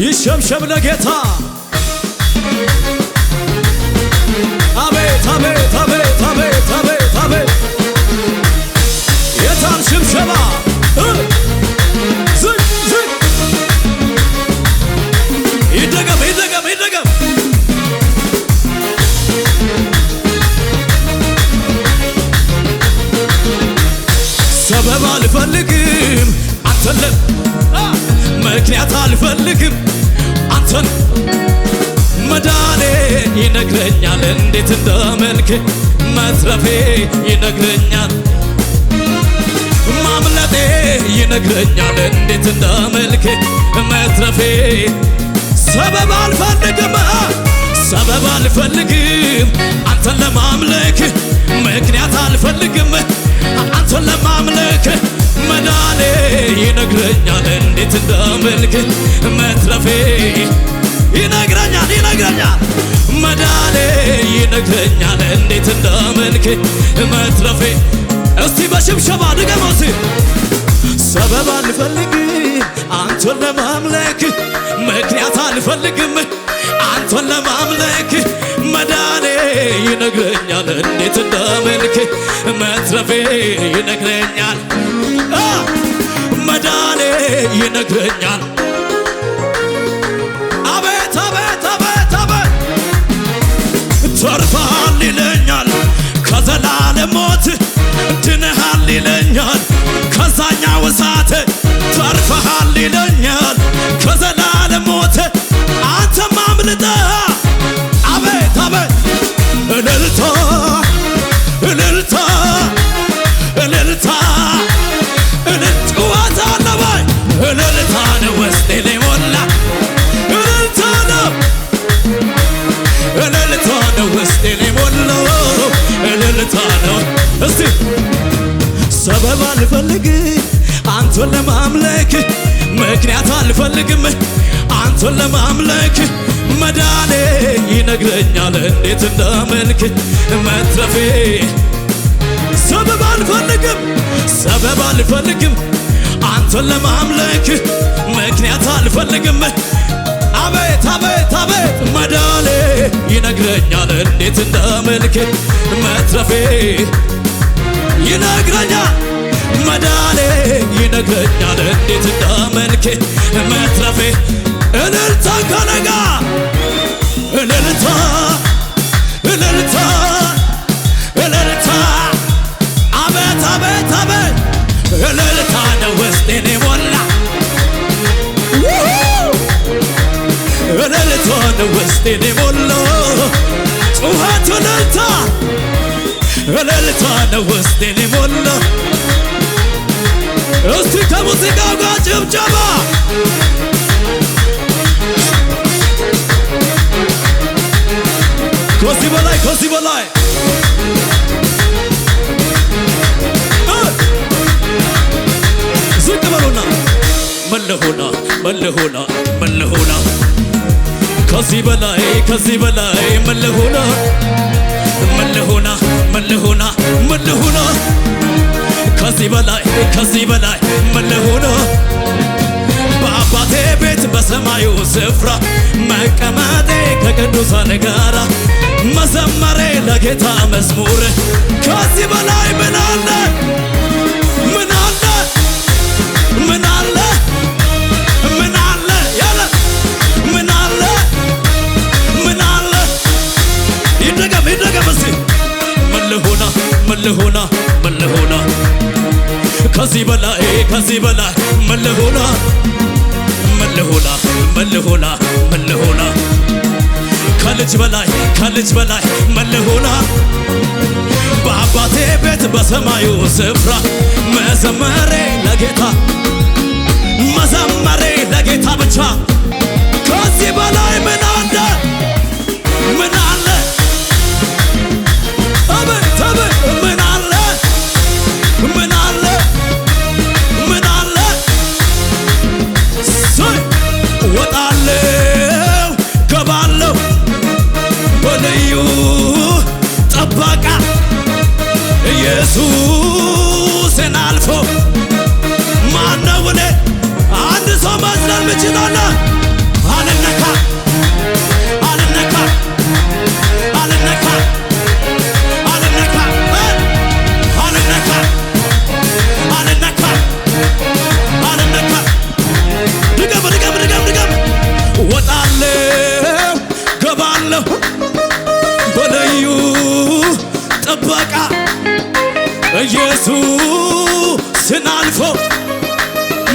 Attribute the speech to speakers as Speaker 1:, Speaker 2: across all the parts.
Speaker 1: ይሸምሸም ለጌታ አቤት አቤት አቤት አቤት አቤት አቤት የታን ሽብሸባ ሰበብ አልፈልግም አንተለን ምክንያት አልፈልግም አንተን መዳኔ ይነግረኛል እንዴት እንደመልክ መትረፌ ይነግረኛል ማምለጤ ይነግረኛል እንዴት እንደመልክ መትረፌ ሰበብ አልፈልግም ሰበብ አልፈልግም አንተን ለማምለክ ምክንያት አልፈልግም አንተን ለማምለክ መዳኔ ይነግረኛል እንዴት እንዳመልክ መትረፌ ይነግረኛል ይነግረኛል መዳኔ ይነግረኛል እንዴት እንዳመልክ መትረፌ እስቲ በሽብሸባ ድገመው ሰበብ አልፈልግም አንተን ለማምለክ ምክንያት አልፈልግም አንተን ለማምለክ መዳኔ ይነግረኛል እንዴት እንዳመልክ መትረፌ ይነግረኛል ይነግረኛል። አቤት አቤት አቤት አቤት ተርፋል ይለኛል። ከዘላለም ሞት ድነሃል ይለኛል። ከዛኛው እሳት ተርፈሃል ይለኛል። ከዘላለም ሞት አንተን ለማምለክ ምክንያት አልፈልግም። አንተን ለማምለክ መዳኔ ይነግረኛል እንዴት እንዳመልክ መትረፌ ሰበብ አልፈልግም ሰበብ አልፈልግም አንተን ለማምለክ ምክንያት አልፈልግም። አቤት አቤት አቤት መዳኔ ይነግረኛል እንዴት እንዳመልክ መትረፌ ይነግረኛል መዳኔ ይነግረኛል እንዴት እንዳመልኬ መትረፌ እልልታ ከነጋ እልልታ እልልታ እልልታ አቤት አቤት አቤት እልልታ ነው ውስጤን የሞላ እልልታ ነው ውስጤን የሞላ ጩኸት እልልታ እልልታ ነው ውስጤን የሞላ እስቲ ከሙዚቃው ጋር ጭብጨባ ከዚህ በላይ ከዚህ በላይ ዝቅ በሉና መለሆና መለሆና መለሆና ከዚህ በላይ ከዚህ በላይ መለሆና በላይ ከዚህ በላይ ምን ልሁን በአባቴ ቤት በሰማዩ ስፍራ መቀመጤ ከቅዱሳን ጋራ መዘመሬ ለጌታ መዝሙር ከዚህ በላይ ምን አለ ምን አለ ምን አለ ምን አለ ያለ ምን አለ ምን አለ ይደገም ይደገም እስቲ ምን ልሁና ምን ልሁና ምን ልሁና ከዚህ በላይ ከዚህ በላይ መለሆና መለሆና መለሆና መለሆና ከልጅ በላይ ከልጅ በላይ መለሆና በአባቴ ቤት በሰማዩ ስፍራ መዘመሬ ለጌታ መዘመሬ ለጌታ ብቻ ከዚህ በላይ ምን አለ ምን ኢየሱስን አልፎ ማነው እኔ አንድ ሰው ማዝናል ምችላላ ኢየሱስን አልፎ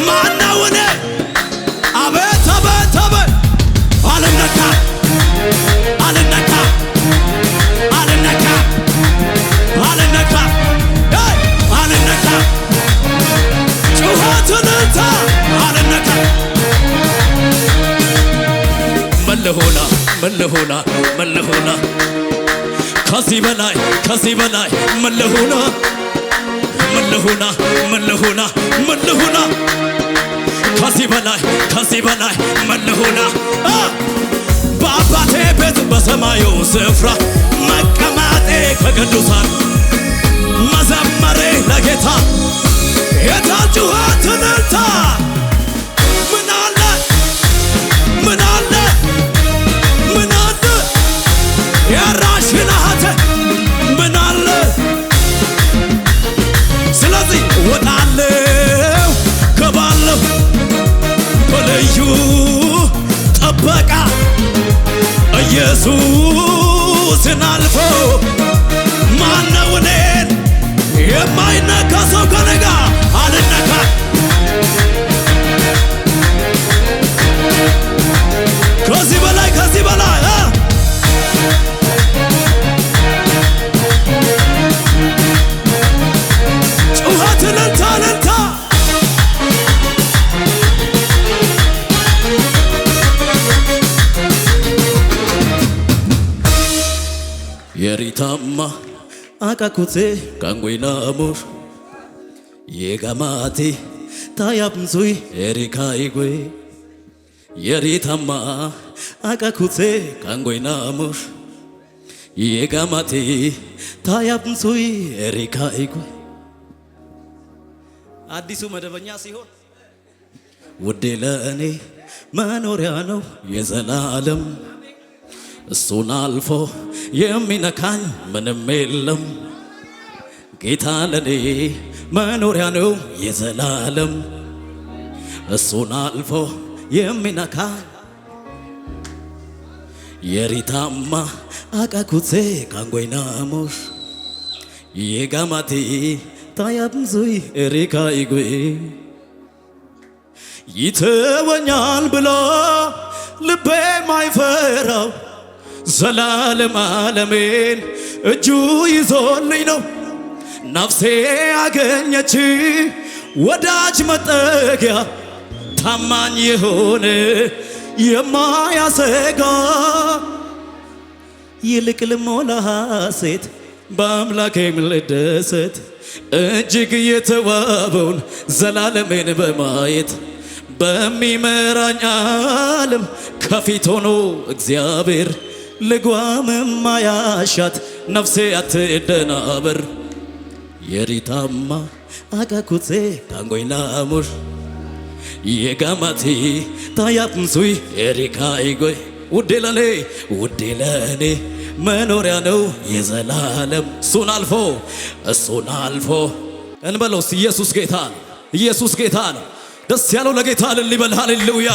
Speaker 1: ማናውነ አቤት አቤት አቤት አልነካ አልነካ አልነካ አልነካ አልነካ ጩኸትን እንታ አልነካ መለሆና መለሆና መለሆና ከዚህ በላይ ከዚህ በላይ መለሆና ምን ልሁና ምን ከዚህ በላይ ከዚህ በላይ ምን በአባቴ ቤት በሰማዩ ስፍራ መቀመጤ ከቅዱሳን መዘመሬ ለጌታ የታችኋ ትንልታ ምናለ ምና ኢየሱስ
Speaker 2: Kakuti, Kangwina Amur, Yegamati, Tayabnzui, Erika Igwe, Yeritama, Akakuti, Kangwina Amur, Yegamati, Tayabnzui, Erika Igwe። አዲሱ መደበኛ ሲሆን ውዴ ለእኔ መኖሪያ ነው የዘላለም እሱን አልፎ የሚነካኝ ምንም የለም። ጌታ ለኔ መኖሪያ ነው የዘላለም እሱን አልፎ የሚነካ የሪታማ አቃኩሴ ካንጎይናሞሽ የጋማቴ ታያምዙይ ኤሪካይጉ ይተወኛል ብሎ ልቤ ማይፈራው ዘላለም ዓለሜን እጁ ይዞልኝ ነው ነፍሴ አገኘች ወዳጅ መጠጊያ ታማኝ የሆነ የማያሰጋ ይልቅ ልሞላ ሐሴት በአምላኬም ልደሰት እጅግ የተዋበውን ዘላለሜን በማየት በሚመራኝ ዓለም ከፊት ሆኖ እግዚአብሔር ልጓምም ማያሻት ነፍሴ አትደናበር የሪታማ አቃኩቴ ታንጎይናሙር የጋማቴ ታያትንሱይ ኤሪካይጎይ ውዴ ለኔ ውዴ ለኔ መኖሪያ ነው የዘላለም እሱን አልፎ እሱን አልፎ እንበለውስ ኢየሱስ ጌታ ነው። ኢየሱስ ጌታ ነው። ደስ ያለው ለጌታ እልል ይበል። ሃሌሉያ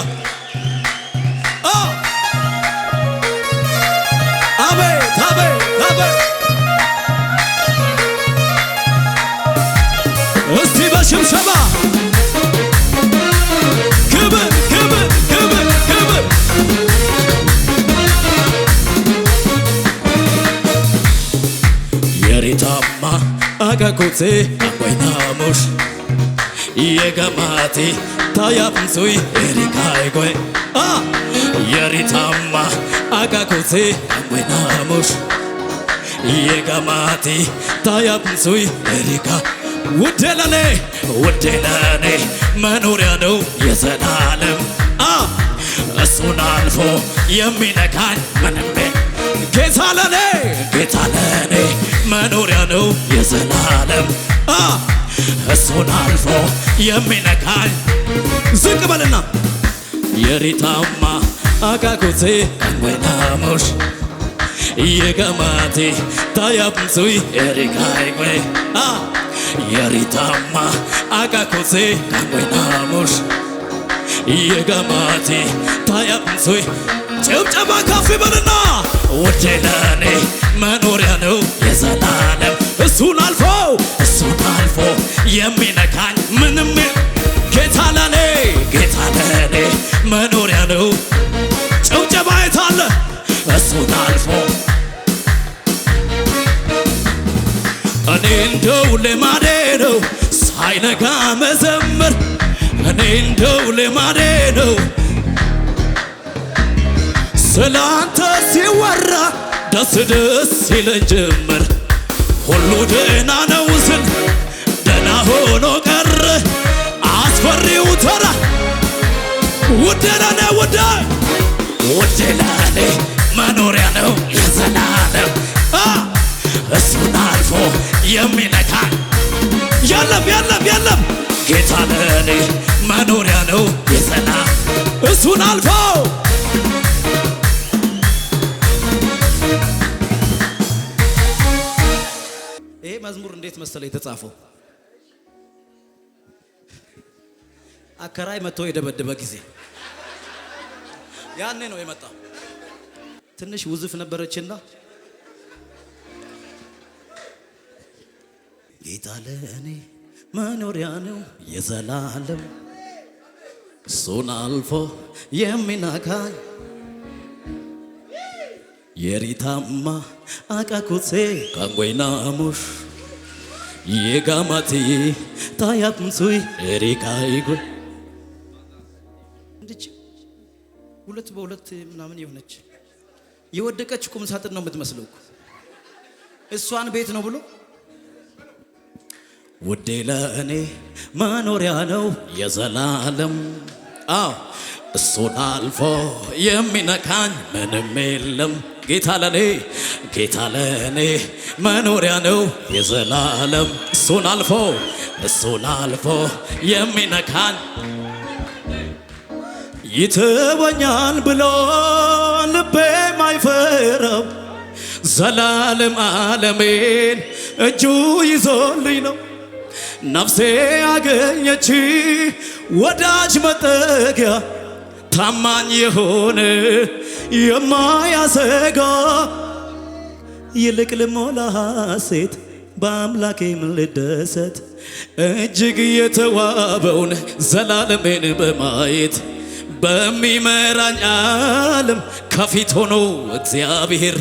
Speaker 2: አቤት አቤት አቤት ስብሰባ ክብር ክብር ክብር ክብር የሪታማ አቀቁቴ አንጎይናሙሽ የገማቴ ታያፍንሱይ ኤሪካይጎይ የሪታማ አቀቁቴ አንጎይናሙሽ የገማቴ ታያፍንሱይ ኤሪካ ውዴ ለኔ ውዴ ለኔ መኖሪያ ነው የዘላለም እሱን አልፎ የሚነካኝ ምንም ጌታ ለኔ ጌታ ለኔ መኖሪያ ነው የዘላለም እሱን አልፎ የሚነካኝ ዝቅ በልና የሪታማ አካኩቴ አንጎይናሙሽ የገማቴ ታያብንሱይ ኤሪካይጎይ የሪታማ አቃኮሴ ዳንጎይናሙሽ የጋማቴ ታያምሶ ጭብጨባ ከፍ በልና ውዴ ለኔ መኖሪያ ነው የዘላለም እሱን አልፎ እሱን አልፎ የሚነካኝ ምንም ጌታ ለኔ ጌታ ለኔ መኖሪያ ነው ጭብጨባ የታለ እሱን አልፎ እኔ እንደው ልማዴ ነው ሳይነጋ መዘመር እኔ እንደው ልማዴ ነው ስላንተ ሲወራ ደስ ደስ ይለኝ ጀመር ሁሉ ደህና ነው ስል ደህና ሆኖ ቀረ አስፈሪው ተራ ውዴ ለኔ ውዴ የሚነካኝ የለም የለም የለም። ጌታ ለእኔ መኖሪያ ነው የሰላም እሱን አልፈው ይሄ መዝሙር እንዴት መሰለ የተጻፈው አከራይ መጥቶ የደበደበ ጊዜ ያኔ ነው የመጣው። ትንሽ ውዝፍ ነበረችና ጌታ ለእኔ መኖሪያ ነው የዘላለም እሱን አልፎ የሚናካኝ የሪታማ አቃኩሴ ካንጎይናሙሽ የጋማቲ ታያቁምሱይ ኤሪካይጉ ሁለት በሁለት ምናምን የሆነች የወደቀች ቁም ሳጥን ነው የምትመስለው እሷን ቤት ነው ብሎ ውዴ ለእኔ መኖሪያ ነው የዘላለም አዎ እሱን አልፎ የሚነካኝ ምንም የለም። ጌታ ለኔ ጌታ ለኔ መኖሪያ ነው የዘላለም እሱን አልፎ እሱን አልፎ የሚነካኝ ይተወኛል ብሎ ልቤ ማይፈረው ዘላለም ዓለሜን እጁ ይዞልኝ ነው ነፍሴ አገኘች ወዳጅ መጠጊያ ታማኝ የሆነ የማያሰጋ ይልቅ ልሞላ ሐሴት በአምላኬም ልደሰት እጅግ የተዋበውን ዘላለሜን በማየት በሚመራኝ ዓለም ከፊት ሆኖ እግዚአብሔር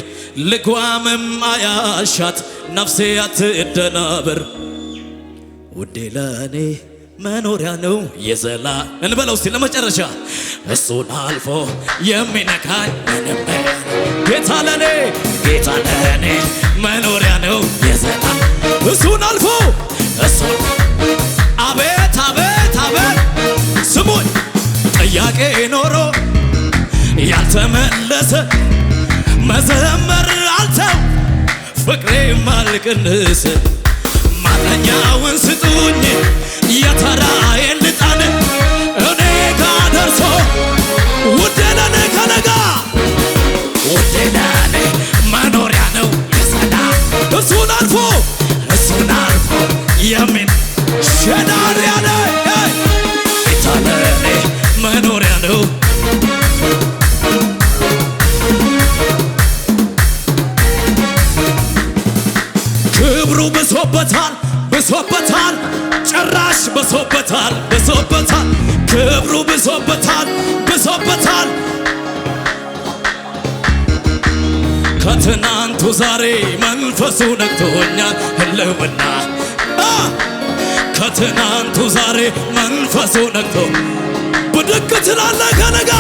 Speaker 2: ልጓምም አያሻት ነፍሴ አትደናበር ውዴ ለእኔ መኖሪያ ነው የዘላ እንበለው እስቲ ለመጨረሻ እሱን አልፎ የሚነካኝ ምንም ጌታ ለእኔ ጌታ ለእኔ መኖሪያ ነው የዘላ እሱን አልፎ እሱን አቤት አቤት አቤት ስሙኝ ጥያቄ ኖሮ ያልተመለሰ መዘመር አልተው ፍቅሬ ማልቅንስ እረኛውን ስጡኝ የተራዬን ልጣን እኔ ጋ ደርሶ ውዴ ከነጋ ውዴ መኖሪያ ነው የሰላም እሱን አልፎ እሱን አልፎ የሚን ሸዳር ያለ ጌታ መኖሪያ ነው ክብሩ ብሶበታል ብሶበታል፣ ጭራሽ ብሶበታል፣ ብሶበታል፣ ክብሩ ብሶበታል፣ ብሶበታል። ከትናንቱ ዛሬ መንፈሱ ነክቶኛል ህልውና ከትናንቱ ዛሬ መንፈሱ ነክቶ ብድግ ትላለህ ከነጋ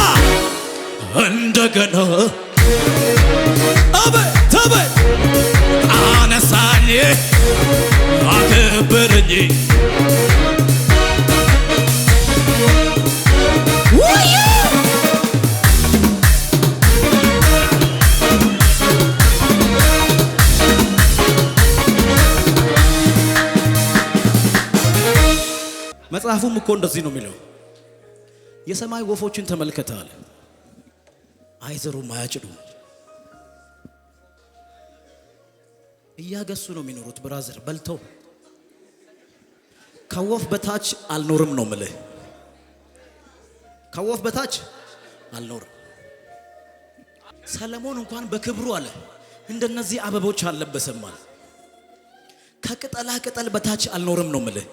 Speaker 2: እንደገና አቤ ነበረኝ መጽሐፉም እኮ እንደዚህ ነው የሚለው የሰማይ ወፎችን ተመልከተዋል። አይዘሩም፣ አያጭዱም፣ እያገሱ ነው የሚኖሩት ብራዘር በልተው ከወፍ በታች አልኖርም ነው ምልህ። ከወፍ በታች አልኖርም። ሰለሞን እንኳን በክብሩ አለ እንደነዚህ አበቦች አለበሰም አለ። ከቅጠላ ቅጠል በታች አልኖርም ነው ምልህ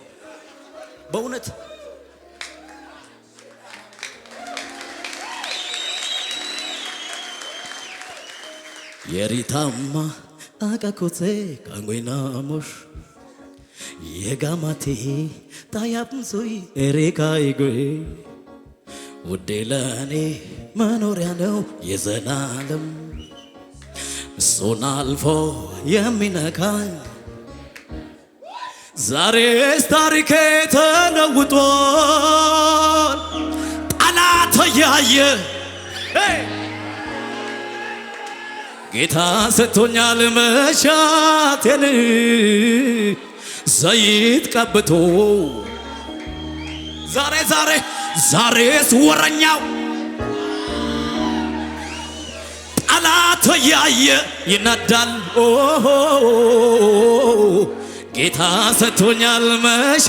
Speaker 2: በእውነት የሪታማ አቀኮቴ ካንጎይናሞሽ የጋማቴ ጣያብንሶይ ኤሬካይጎይ ውዴ ለእኔ መኖሪያ ነው የዘላለም እሱን አልፎ የሚነካኝ ዛሬስ ታሪኬ ተለውጧል። ጠላት እያየ ጌታ ሰጥቶኛል መሻቴን ዘይት ቀብቶ ዛሬ ዛሬ ዛሬስ ወረኛው ጠላት እያየ ይናዳል። ኦ ጌታ ሰጥቶኛል መሻ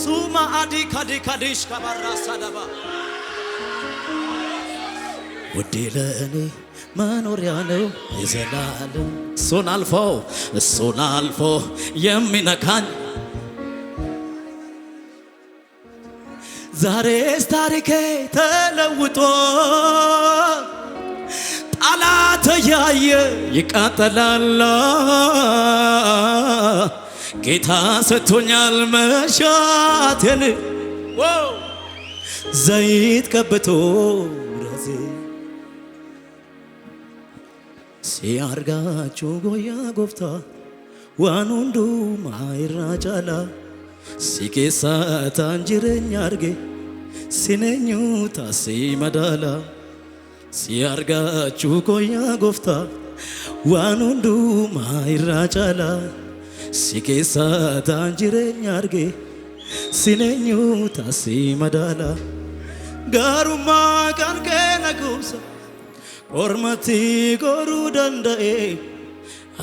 Speaker 2: ሱማ አዲ ካዲ ካዲሽ ከባራ ሳዳባ ወዴ ለእኔ መኖሪያ ነው የዘላለም እሱን አልፎ እሱን አልፎ የሚነካኝ ዛሬስ ታሪኬ ተለውጦ ጠላት እያየ ይቃጠላል። ጌታ ሰጥቶኛል መሻቴን ዘይት ቀብቶ ሲያርጋችሁ ጎያ ጎፍታ ዋን ሁንዱ ማይራ ጫላ ሲኬሳ ታንጅረኛ አርጌ ሲነኙ ታሴ መዳላ ሲያርጋችሁ ጎያ ጎፍታ ዋን ሁንዱ ማይራ ጫላ ሲኬሳ ታንጅረኛ አርጌ ሲነኙ ታሴ መዳላ ጋሩማ ቀንቀነ Ormati goruu danda'e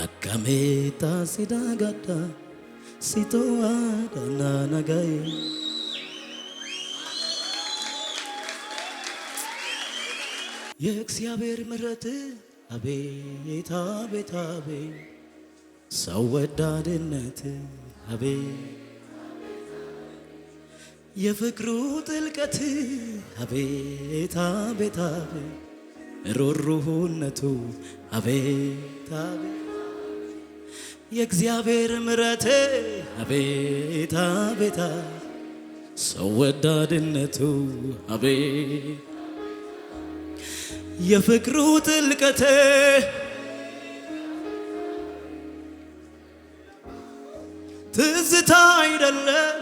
Speaker 2: akkamittaa si daagadda si too'aadha naa naga'e. የእግዚአብሔር ምሕረት አቤት አቤት አቤት ሰው ወዳድነት አቤት የፍቅሩ ጥልቀት አቤት አቤት አቤት ሩሩህነቱ አቤት አቤት የእግዚአብሔር ምሕረት አቤት አቤት ሰው ወዳድነቱ አቤት የፍቅሩ ጥልቀት ትዝታ አይደለም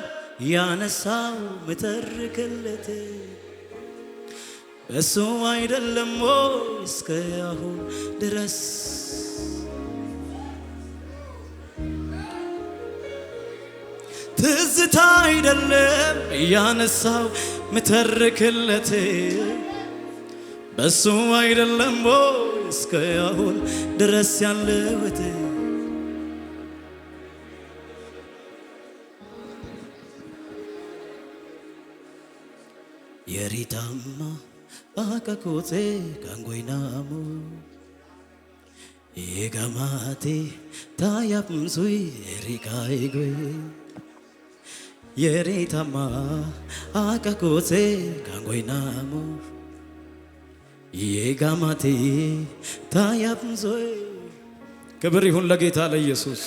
Speaker 2: ያነሳው ምትርክለት እሱ አይደለም ወይ እስከ አሁን ድረስ ትዝታ አይደለም እያነሳው ምተርክለት በሱ አይደለም ወይ እስከ አሁን ድረስ ያለውት የሪታማ akakotse kangoinamu egamate tayapmsui erikaigwe የሬታማ አቀኮቴ ካንጎይናሙ የጋማቴ ታያብንዞ ክብር ይሁን ለጌታ ለኢየሱስ።